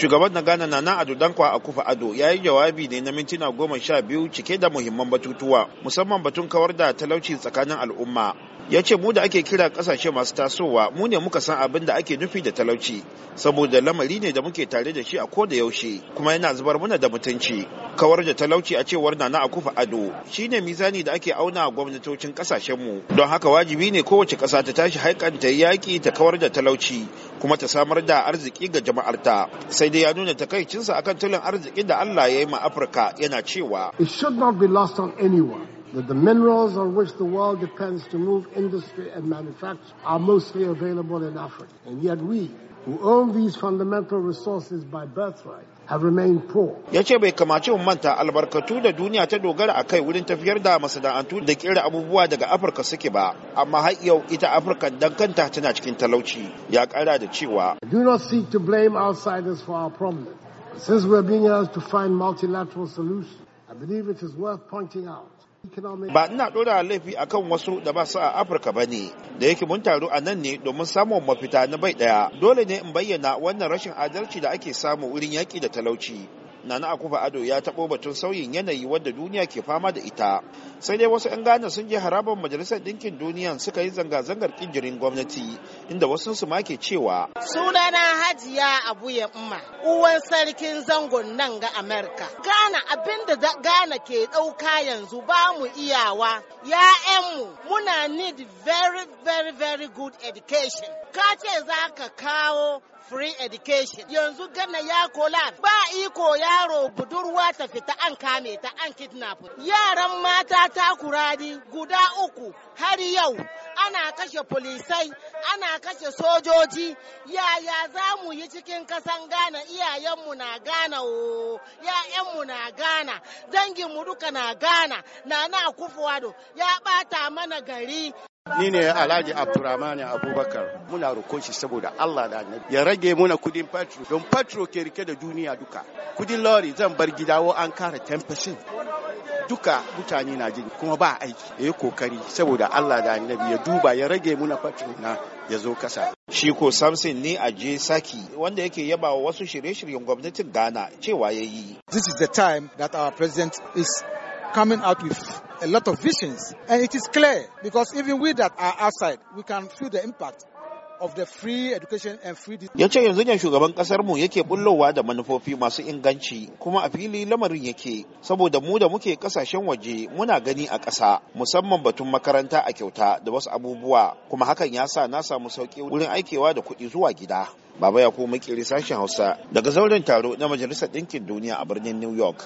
shugaban na ghana nana ado dankwa a kufa ado ya yi jawabi ne na mintuna goma sha biyu cike da muhimman batutuwa musamman batun kawar da talauci tsakanin al'umma ya ce mu da ake kira kasashe masu tasowa mu ne muka san abin da ake nufi da talauci saboda lamari ne da muke tare da shi a ko da yaushe kuma yana zubar muna da mutunci kawar da talauci a cewar nana akufa ado shine mizani da ake auna gwamnatocin kasashenmu don haka wajibi ne kowace ƙasa ta tashi haikanta yaƙi ta kawar da talauci kuma ta samar da arziki ga jama'arta sai dai ya nuna takaicinsa akan tulin arzikin da Allah ya yi ma Afirka yana cewa it should not be lost on anyone that the minerals on which the world depends to move industry and manufacture are mostly available in Africa and yet we who own these fundamental resources by birthright have remained poor. Ya ce bai kamace manta albarkatu da duniya ta dogara a kai wurin tafiyar da masana'antu da kera abubuwa daga Afirka suke ba, amma har yau ita Afirka dan kanta tana cikin talauci. Ya kara da cewa. Do not seek to blame outsiders for our problems. Since we're being asked to find multilateral solutions, I believe it is worth pointing out Ba ina dora laifi akan wasu da ba su a Afirka ba ne, da yake mun taru a nan ne domin samun mafita na bai ɗaya. Dole ne in bayyana wannan rashin adalci da ake samu wurin yaƙi da talauci. nana akufa ado ya taɓo batun sauyin yanayi wadda duniya ke fama da ita sai dai wasu 'yan ghana sun je harabar majalisar ɗinkin duniya suka yi zanga-zangar kinjirin gwamnati inda wasu su ma ke cewa sunana hajiya abu ya umma uwan sarkin zangon nan ga amerika ghana abinda da ghana ke ɗauka yanzu ba mu iyawa mu muna need very very very good education ka ce za ka kawo free education yanzu gana ya kola ba iko yaro budurwa ta fita an kame ta an kidnap yaran mata ta kuradi guda uku har yau ana kashe polisai ana kashe sojoji yaya za mu yi cikin kasan gana iyayenmu na gana o ya'yanmu na gana danginmu duka na gana na na kufuwa ya bata mana gari Ni ne Alhaji Abdurrahman Abubakar muna roƙon shi saboda Allah da Annabi ya rage muna kudin patro. don patro ke rike da duniya duka. Kudin lori zan bar gidawo an kara 10% duka mutane na jin kuma ba aiki ya yi kokari saboda Allah da Annabi ya duba ya rage muna patro na ya zo kasa. Shi ko Samson ne a je saki wanda yake yaba wasu shirye-shiryen gwamnatin Ghana cewa ya yi. This is the time that our president is coming out with a lot of visions. And it is clear because even we that are outside, we can feel the impact. of the free education and free ya ce yanzu ne shugaban kasar mu yake bullowa da manufofi masu inganci kuma a fili lamarin yake saboda mu da muke kasashen waje muna gani a ƙasa musamman batun makaranta a kyauta da wasu abubuwa kuma hakan ya sa na samu sauƙi wurin aikewa da kuɗi zuwa gida baba ya kuma makiri sashen hausa daga zauren taro na majalisar ɗinkin duniya a birnin new york